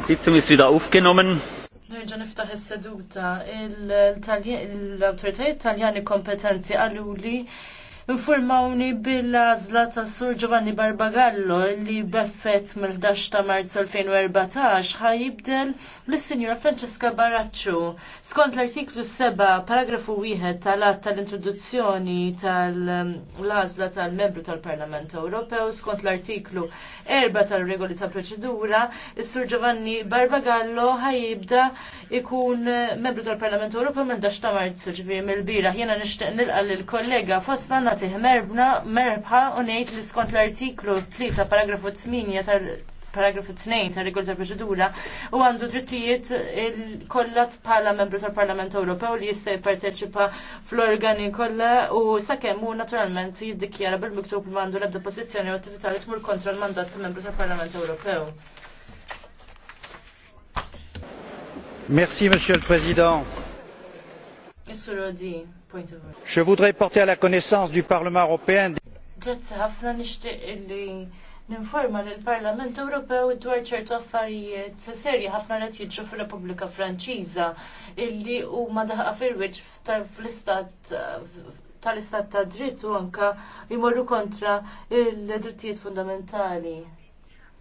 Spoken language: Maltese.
Die Sitzung Nerġa niftaħ is-seduta. l Taljani kompetenti għaluli Informawni bil-għazla ta' Sur Giovanni Barbagallo li beffet mill 10 ta' Marzu 2014 ħajibdel l-Sinjora Francesca Baraccio. Skont l-artiklu 7, paragrafu 1 tal-att tal-introduzzjoni tal-għazla tal-membru tal-Parlament Ewropew, skont l-artiklu 4 tal-regoli ta' proċedura, Sur Giovanni Barbagallo ħajibda ikun membru tal-Parlament Ewropew mill 10 ta' Marzu ġifiri mill-bira. Jena nishtiq nilqa l-kollega Fosna nagħtih merbħa u ngħid li skont l-artiklu 3 paragrafu 8 tal paragrafu 2 ta' regol ta' proċedura u għandu drittijiet kollha bħala membru tal-Parlament Ewropew li jista' jipparteċipa fl-organi kollha u sakemm hu naturalment jiddikjara bil-miktub li m'għandu l-ebda pożizzjoni u attività li tmur kontra l-mandat ta' membru tal-Parlament Ewropew. Merci, Monsieur le Président. Je voudrais porter à la connaissance du Parlement européen. Grazie ħafna nixtieq illi ninforma lill parlament Ewropew dwar ċertu affarijiet serji ħafna qed jiġu fir-Repubblika Franċiża illi huma daħqa fil-wiċċ fl-istat tal-istat ta' dritt u anke jmorru kontra l drittijiet fundamentali.